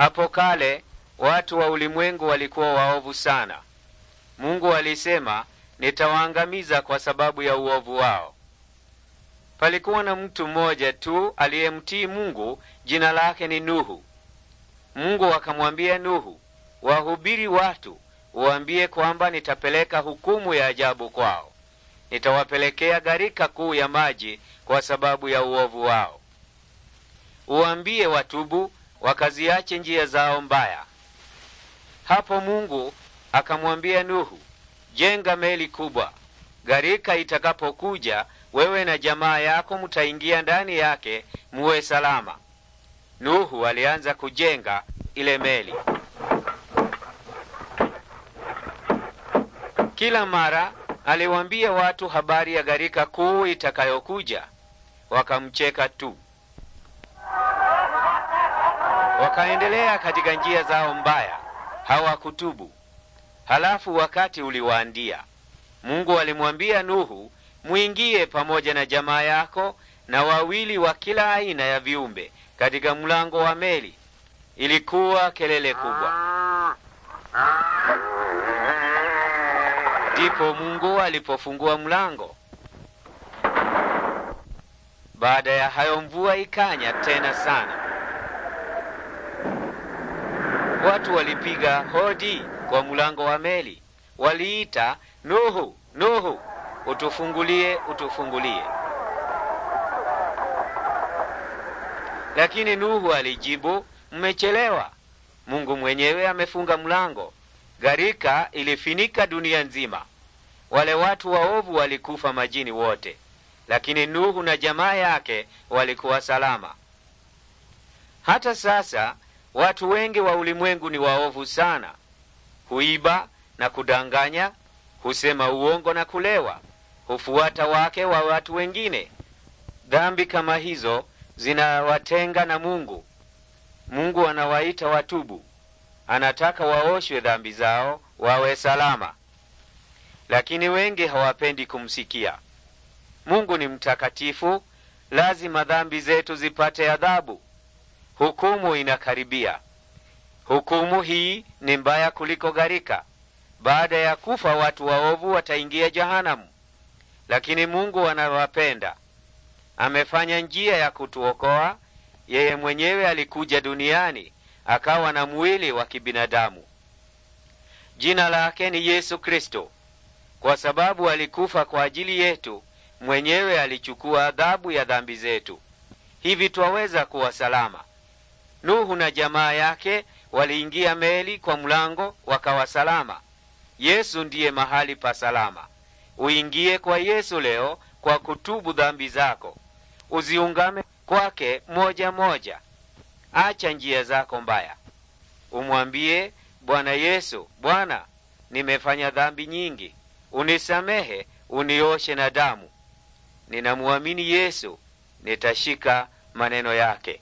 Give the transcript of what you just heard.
Hapo kale watu wa ulimwengu walikuwa waovu sana. Mungu alisema, nitawaangamiza kwa sababu ya uovu wao. Palikuwa na mtu mmoja tu aliyemtii Mungu, jina lake ni Nuhu. Mungu akamwambia Nuhu, wahubiri watu, uambie kwamba nitapeleka hukumu ya ajabu kwao. Nitawapelekea gharika kuu ya maji kwa sababu ya uovu wao. Uambie watubu wakaziache njia zao mbaya. Hapo Mungu akamwambia Nuhu, jenga meli kubwa, gharika itakapokuja wewe na jamaa yako mutaingia ndani yake, muwe salama. Nuhu alianza kujenga ile meli. Kila mara aliwaambia watu habari ya gharika kuu itakayokuja, wakamcheka tu wakaendelea katika njia zao mbaya, hawakutubu. Halafu wakati uliwaandia, Mungu alimwambia Nuhu, mwingie pamoja na jamaa yako na wawili wa kila aina ya viumbe katika mlango wa meli. Ilikuwa kelele kubwa. Ndipo Mungu alipofungua mlango. Baada ya hayo mvua ikanya tena sana. Watu walipiga hodi kwa mlango wa meli, waliita Nuhu, Nuhu, utufungulie, utufungulie. Lakini Nuhu alijibu, mmechelewa, Mungu mwenyewe amefunga mlango. Gharika ilifinika dunia nzima, wale watu waovu walikufa majini wote, lakini Nuhu na jamaa yake walikuwa salama. Hata sasa Watu wengi wa ulimwengu ni waovu sana, huiba na kudanganya, husema uongo na kulewa, hufuata wake wa watu wengine. Dhambi kama hizo zinawatenga na Mungu. Mungu anawaita watubu, anataka waoshwe dhambi zao, wawe salama, lakini wengi hawapendi kumsikia. Mungu ni mtakatifu, lazima dhambi zetu zipate adhabu hukumu inakaribia. Hukumu hii ni mbaya kuliko gharika. Baada ya kufa, watu waovu wataingia jahanamu, lakini Mungu anawapenda, amefanya njia ya kutuokoa. Yeye mwenyewe alikuja duniani akawa na mwili wa kibinadamu. Jina lake ni Yesu Kristo. Kwa sababu alikufa kwa ajili yetu, mwenyewe alichukua adhabu ya dhambi zetu, hivi twaweza kuwa salama. Nuhu na jamaa yake waliingia meli kwa mlango, wakawa salama. Yesu ndiye mahali pa salama. Uingie kwa Yesu leo kwa kutubu dhambi zako, uziungame kwake moja moja. Acha njia zako mbaya, umwambie Bwana Yesu, Bwana, nimefanya dhambi nyingi, unisamehe, unioshe na damu. Ninamwamini Yesu, nitashika maneno yake.